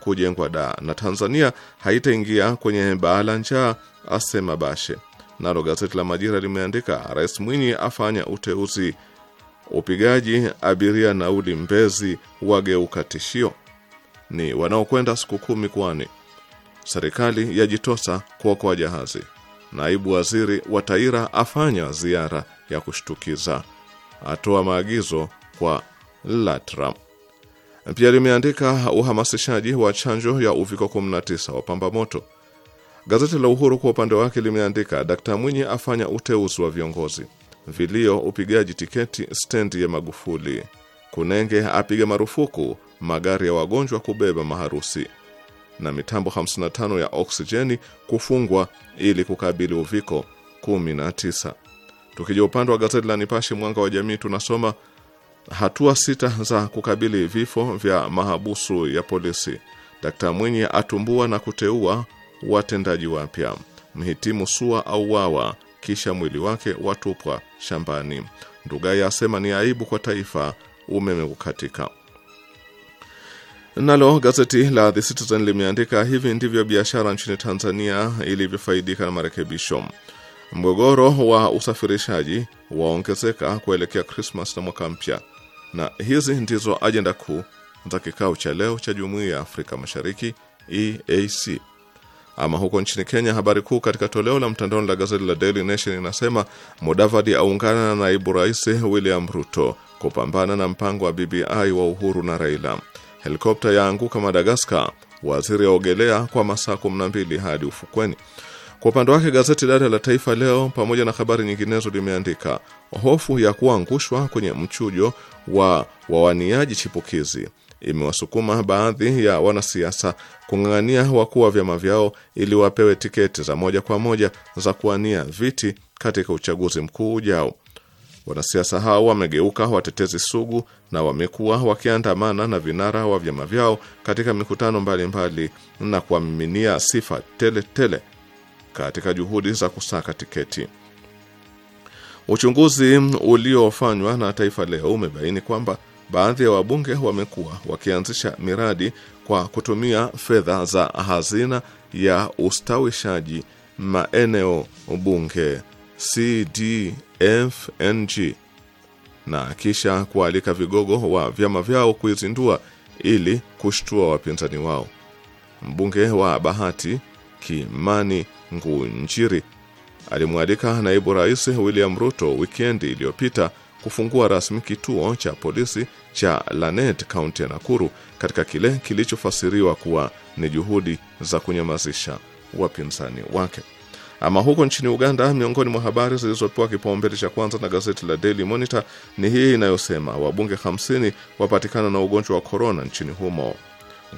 kujengwa Da na Tanzania haitaingia kwenye baa la njaa, asema Bashe. Nalo gazeti la Majira limeandika Rais Mwinyi afanya uteuzi upigaji abiria nauli Mbezi wageuka tishio, ni wanaokwenda siku kumi kwani. Serikali yajitosa kuokoa jahazi. Naibu waziri wa TAIRA afanya ziara ya kushtukiza, atoa maagizo kwa LATRA. Pia limeandika uhamasishaji wa chanjo ya uviko 19 wa pamba moto. Gazeti la Uhuru kwa upande wake limeandika Dkt Mwinyi afanya uteuzi wa viongozi, vilio upigaji tiketi stendi ya Magufuli, Kunenge apiga marufuku magari ya wagonjwa kubeba maharusi, na mitambo 55 ya oksijeni kufungwa ili kukabili uviko 19. Tukija upande wa gazeti la Nipashe mwanga wa jamii tunasoma hatua sita za kukabili vifo vya mahabusu ya polisi. Dkt Mwinyi atumbua na kuteua watendaji wapya. Mhitimu SUA auawa kisha mwili wake watupwa shambani. Ndugai asema ni aibu kwa taifa umeme kukatika. Nalo gazeti la The Citizen limeandika hivi ndivyo biashara nchini Tanzania ilivyofaidika na marekebisho. Mgogoro wa usafirishaji waongezeka kuelekea Krismas na mwaka mpya. Na hizi ndizo ajenda kuu za kikao cha leo cha Jumuiya ya Afrika Mashariki EAC. Ama huko nchini Kenya, habari kuu katika toleo la mtandaoni la gazeti la Daily Nation inasema Mudavadi aungana na naibu rais William Ruto kupambana na mpango wa BBI wa Uhuru na Raila. Helikopta yaanguka Madagaskar, waziri aogelea kwa masaa 12 hadi ufukweni. Kwa upande wake gazeti dada la Taifa Leo pamoja na habari nyinginezo limeandika hofu ya kuangushwa kwenye mchujo wa wawaniaji chipukizi imewasukuma baadhi ya wanasiasa kung'ang'ania wakuu wa vyama vyao ili wapewe tiketi za moja kwa moja za kuwania viti katika uchaguzi mkuu ujao. Wanasiasa hao wamegeuka watetezi sugu na wamekuwa wakiandamana na vinara wa vyama vyao katika mikutano mbalimbali mbali na kuwamiminia sifa tele tele katika juhudi za kusaka tiketi. Uchunguzi uliofanywa na Taifa Leo umebaini kwamba baadhi ya wabunge wamekuwa wakianzisha miradi kwa kutumia fedha za hazina ya ustawishaji maeneo bunge CDFNG na kisha kualika vigogo wa vyama vyao kuizindua ili kushtua wapinzani wao. Mbunge wa Bahati Kimani Ngunjiri alimwalika naibu rais William Ruto wikendi iliyopita kufungua rasmi kituo cha polisi cha Lanet kaunti ya Nakuru katika kile kilichofasiriwa kuwa ni juhudi za kunyamazisha wapinzani wake. Ama huko nchini Uganda, miongoni mwa habari zilizopewa kipaumbele cha kwanza na gazeti la Daily Monitor ni hii inayosema wabunge 50 wapatikana na ugonjwa wa korona nchini humo.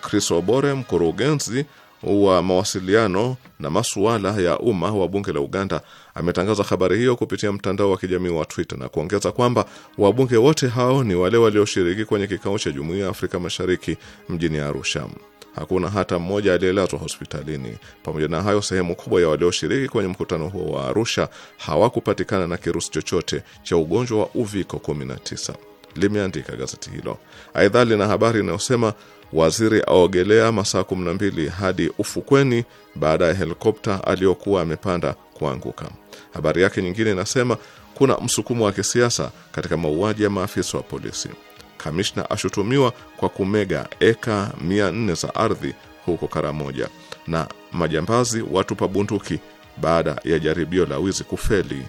Chris Obore, mkurugenzi wa mawasiliano na masuala ya umma wa bunge la Uganda ametangaza habari hiyo kupitia mtandao wa kijamii wa Twitter na kuongeza kwamba wabunge wote hao ni wale walioshiriki kwenye kikao cha Jumuiya ya Afrika Mashariki mjini Arusha. Hakuna hata mmoja aliyelazwa hospitalini. Pamoja na hayo, sehemu kubwa ya walioshiriki kwenye mkutano huo wa Arusha hawakupatikana na kirusi chochote cha ugonjwa wa uviko 19, limeandika gazeti hilo. Aidha, lina habari inayosema Waziri aogelea masaa 12 hadi ufukweni baada ya helikopta aliyokuwa amepanda kuanguka. Habari yake nyingine inasema kuna msukumo wa kisiasa katika mauaji ya maafisa wa polisi. Kamishna ashutumiwa kwa kumega eka 400 za ardhi huko Karamoja, na majambazi watupa bunduki baada ya jaribio la wizi kufeli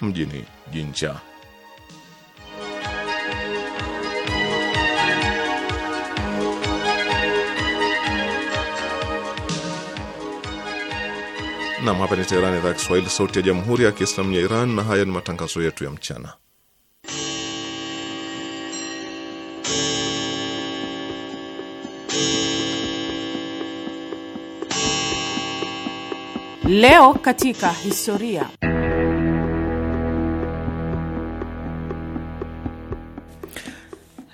mjini Jinja. Nam, hapa ni Teherani, idhaa ya Kiswahili, sauti ya jamhuri ya kiislamu ya Iran, na haya ni matangazo yetu ya mchana. Leo katika historia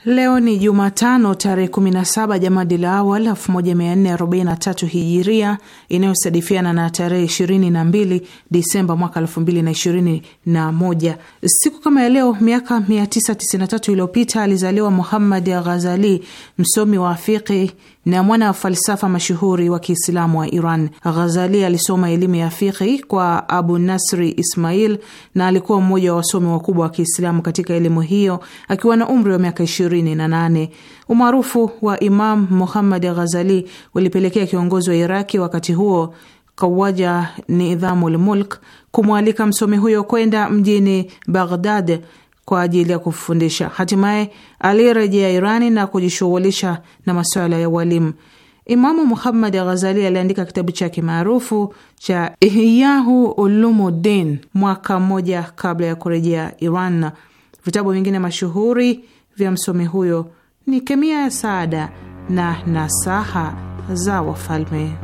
Leo ni Jumatano tarehe 17 la Awal 1443 Hijiria, inayosadifiana na tarehe 22 Disemba mwaka 2021. Siku kama ya leo miaka 993 iliyopita alizaliwa Muhammad Ghazali, msomi wa fiqi na mwana falsafa mashuhuri wa Kiislamu wa Iran. Ghazali alisoma elimu ya fiqhi kwa Abu Nasri Ismail na alikuwa mmoja wa wasomi wakubwa wa Kiislamu katika elimu hiyo akiwa na umri wa miaka 28. Umaarufu wa Imam Muhammad Ghazali ulipelekea kiongozi wa Iraki wakati huo Kawaja Nidhamul Mulk kumwalika msomi huyo kwenda mjini Baghdad kwa ajili ya kufundisha. Hatimaye alirejea Irani na kujishughulisha na masuala ya ualimu. Imamu Muhammad Ghazali aliandika kitabu chake maarufu cha Ihyahu Ulumuddin mwaka mmoja kabla ya kurejea Iran. Vitabu vingine mashuhuri vya msomi huyo ni Kemia ya Saada na Nasaha za Wafalme.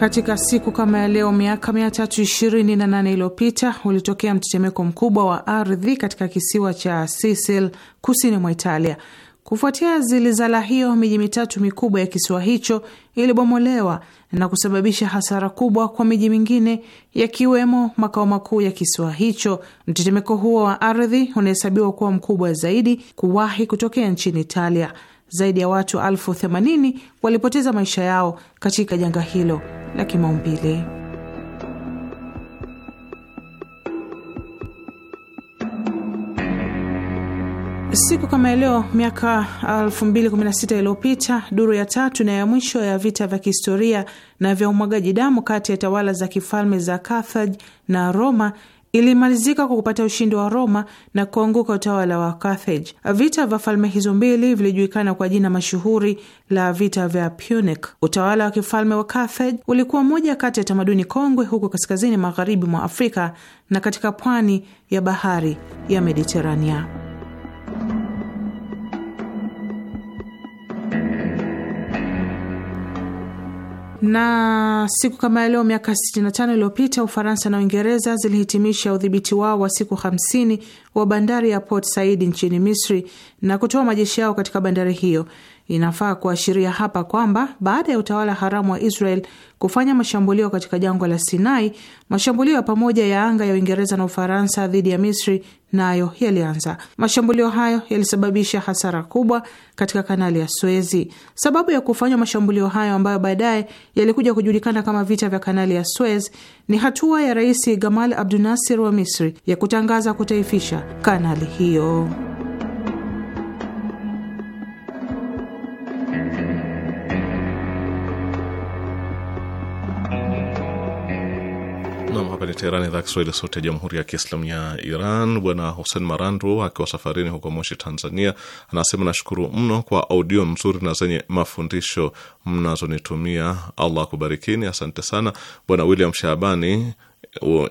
Katika siku kama ya leo miaka 328 iliyopita ulitokea mtetemeko mkubwa wa ardhi katika kisiwa cha Sicily kusini mwa Italia. Kufuatia zilizala hiyo, miji mitatu mikubwa ya kisiwa hicho ilibomolewa na kusababisha hasara kubwa kwa miji mingine yakiwemo makao makuu ya kisiwa hicho. Mtetemeko huo wa ardhi unahesabiwa kuwa mkubwa zaidi kuwahi kutokea nchini Italia zaidi ya watu elfu themanini walipoteza maisha yao katika janga hilo la kimaumbile. Siku kama leo miaka 2016 iliyopita, duru ya tatu na ya mwisho ya vita vya kihistoria na vya umwagaji damu kati ya tawala za kifalme za Carthage na Roma ilimalizika kwa kupata ushindi wa Roma na kuanguka utawala wa Carthage. Vita vya falme hizo mbili vilijulikana kwa jina mashuhuri la vita vya Punic. Utawala wa kifalme wa Carthage ulikuwa moja kati ya tamaduni kongwe huko kaskazini magharibi mwa Afrika na katika pwani ya bahari ya Mediterania. Na siku kama leo miaka 65 iliyopita Ufaransa na Uingereza zilihitimisha udhibiti wao wa siku 50 wa bandari ya Port Said nchini Misri na kutoa majeshi yao katika bandari hiyo. Inafaa kuashiria hapa kwamba baada ya utawala haramu wa Israel kufanya mashambulio katika jangwa la Sinai, mashambulio ya pamoja ya anga ya Uingereza na Ufaransa dhidi ya Misri nayo na yalianza. Mashambulio hayo yalisababisha hasara kubwa katika kanali ya Suezi. Sababu ya kufanywa mashambulio hayo ambayo baadaye yalikuja kujulikana kama vita vya kanali ya Suez ni hatua ya Rais Gamal Abdunasir wa Misri ya kutangaza kutaifisha kanali hiyo. Nam, hapa ni Teherani, idhaa Kiswahili, sauti ya jamhuri ya kiislamu ya Iran. Bwana Hussein Marandu akiwa safarini huko Moshi, Tanzania, anasema nashukuru mno kwa audio mzuri na zenye mafundisho mnazonitumia. Allah kubarikini, Asante sana. Bwana William Shabani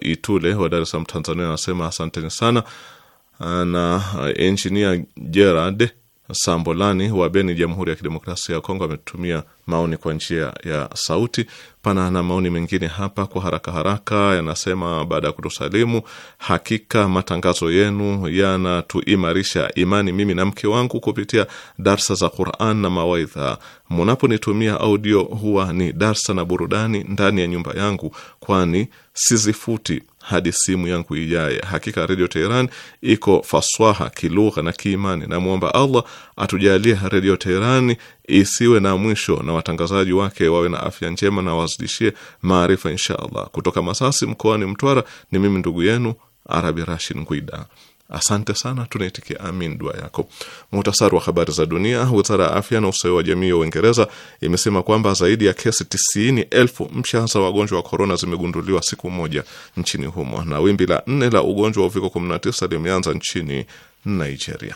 Itule wa Dar es Salaam, Tanzania, anasema asanteni sana. Na eh, enjinia Gerard Sambolani wa Beni, Jamhuri ya Kidemokrasia ya Kongo ametumia maoni kwa njia ya sauti. Pana na maoni mengine hapa kwa haraka haraka, yanasema baada ya kutusalimu, hakika matangazo yenu yanatuimarisha imani mimi na mke wangu kupitia darsa za Qur'an na mawaidha. Mnaponitumia audio huwa ni darsa na burudani ndani ya nyumba yangu, kwani sizifuti hadi simu yangu ijaye. Hakika Redio Teheran iko faswaha kilugha na kiimani. Namwomba Allah atujalie Redio Teherani isiwe na mwisho, na watangazaji wake wawe na afya njema na wazidishie maarifa, insha Allah. Kutoka Masasi mkoani Mtwara ni mimi ndugu yenu Arabi Rashid Ngwida. Asante sana, tunaitikia amin dua yako. Muhtasari wa habari za dunia. Wizara ya afya na ustawi wa jamii ya Uingereza imesema kwamba zaidi ya kesi tisini elfu mpya za wagonjwa wa korona zimegunduliwa siku moja nchini humo, na wimbi la nne la ugonjwa wa uviko 19 limeanza nchini Nigeria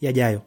yajayo.